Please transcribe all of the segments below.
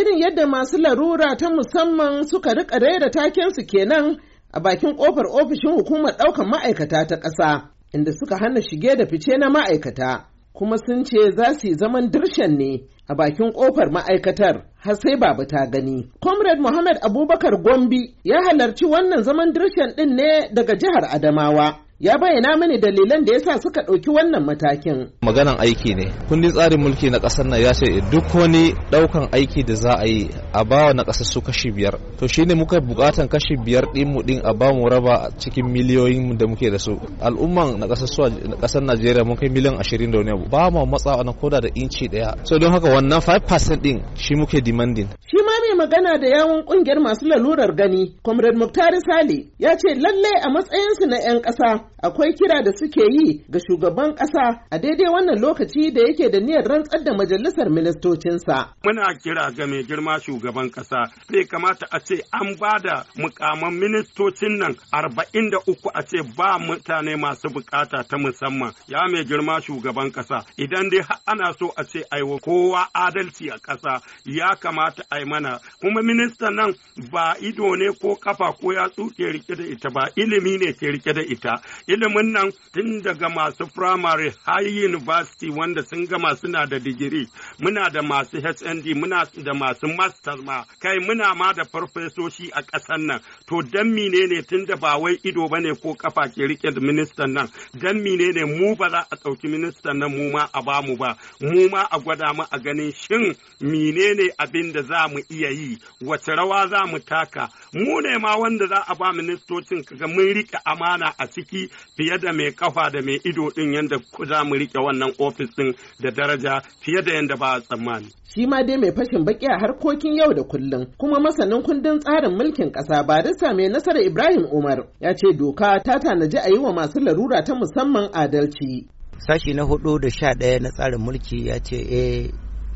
irin yadda masu larura ta musamman suka rika raira su kenan a bakin kofar ofishin hukumar ɗaukan ma'aikata ta ƙasa inda suka hana shige da fice na ma'aikata kuma sun ce za su yi zaman dirshan ne a bakin kofar ma'aikatar har sai babu ta gani. Comrade Muhammad Abubakar Gombi ya halarci wannan zaman dirshan ɗin ne daga jihar Adamawa. ya bayyana mini dalilan da yasa suka ɗauki wannan matakin. Maganan aiki ne. Kundin tsarin mulki na ƙasar nan ya ce duk wani ɗaukan aiki da za a yi a bawa na ƙasar su kashi biyar to shine muka buƙatan kashi biyar ɗin mu ɗin a ba mu raba cikin miliyoyin da muke da su al'umman na ƙasar su ƙasar najeriya mun kai miliyan ashirin da wani abu ba mu matsa na koda da inci ɗaya so don haka wannan 5% ɗin shi muke demanding. shi ma mai magana da yawon ƙungiyar masu lalurar gani comrade muktari sale ya ce lalle a matsayinsu na 'yan ƙasa akwai kira da suke yi ga shugaban ƙasa a daidai wannan lokaci da yake da niyyar rantsar da majalisar ministocinsa. muna kira ga mai girma shugaban shugaban ƙasa sai kamata a ce an ba da mukaman ministocin nan arba'in da uku a ce ba mutane masu bukata ta musamman ya mai girma shugaban ƙasa idan dai ana so a ce aiwa kowa adalci a ƙasa ya kamata a mana kuma ministan nan ba ido ne ko kafa ko yatsu ke rike da ita ba ilimi ne ke rike da ita ilimin nan tun daga masu firamare har university wanda sun gama suna da digiri muna da masu hnd muna da masu master masters kai muna ma da farfesoshi a ƙasar nan to dan mine ne tunda ba wai ido bane ko kafa ke rike da ministan nan dan mine mu ba za a ɗauki ministan nan mu ma a ba mu ba mu ma a gwada mu a ganin shin mine ne abin da za mu iya yi wace rawa za mu taka mu ne ma wanda za a ba ministocin kaga mun rike amana a ciki fiye da mai kafa da mai ido din yanda za mu rike wannan ofis din da daraja fiye da yanda ba a tsammani shi ma dai mai fashin baki a harkokin yau da kullum kuma masanin kundin tsarin mulkin ƙasa barista mai nasara Ibrahim Umar ya ce doka ta tanaji a yi wa masu larura ta musamman adalci. Sashi na hudu da sha ɗaya na tsarin mulki ya ce e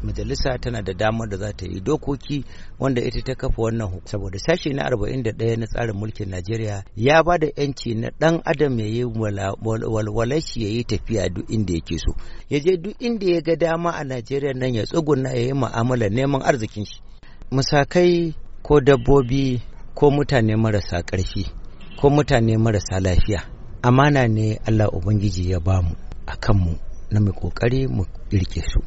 majalisa tana da damar da za ta yi dokoki wanda ita ta kafa wannan hukum saboda sashe na 41 na tsarin mulkin Najeriya ya ba da yanci na dan adam ya yi walwalashi ya yi tafiya duk inda yake so ya je duk inda ya ga dama a Najeriya nan ya tsuguna ya yi mu'amala neman arzikin shi musakai ko dabbobi ko mutane marasa ƙarfi ko mutane marasa lafiya amana ne allah ubangiji ya ba mu a kanmu na mai ƙoƙari mu irke su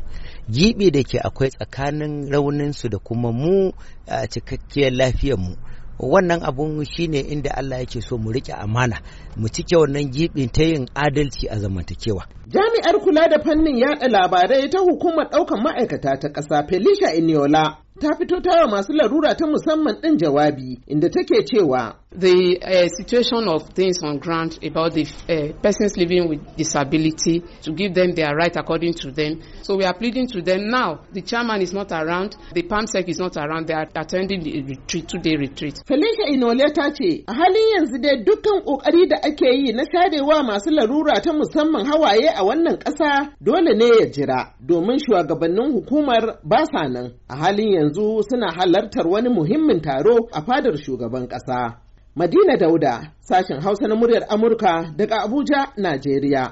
gibi da ke akwai tsakanin rauninsu da kuma mu a cikakkiyar lafiyarmu wannan abun shi ne inda Allah yake so mu rike amana mu cike wannan gibin ta yin adalci a zamantakewa. Jami'ar kula da fannin yada labarai ta hukumar ɗaukar ma'aikata ta ƙasa Felicia Iniola ta fito ta wa masu larura ta musamman ɗin jawabi inda take cewa the uh, situation of things on ground about the uh, persons living with disability to give them their right according to them. So we are pleading to them now. The chairman is not around, the PAMSEC is not around, they are attending the retreat, two-day retreat. Felicia Inole ta ce, a halin yanzu dai dukkan kokari da ake yi na sharewa masu larura ta musamman hawaye a wannan ƙasa dole ne ya jira domin shugabannin hukumar ba sa nan a halin yanzu. yanzu suna halartar wani muhimmin taro a fadar shugaban ƙasa. Madina Dauda, sashen Hausa na muryar Amurka daga Abuja, Najeriya.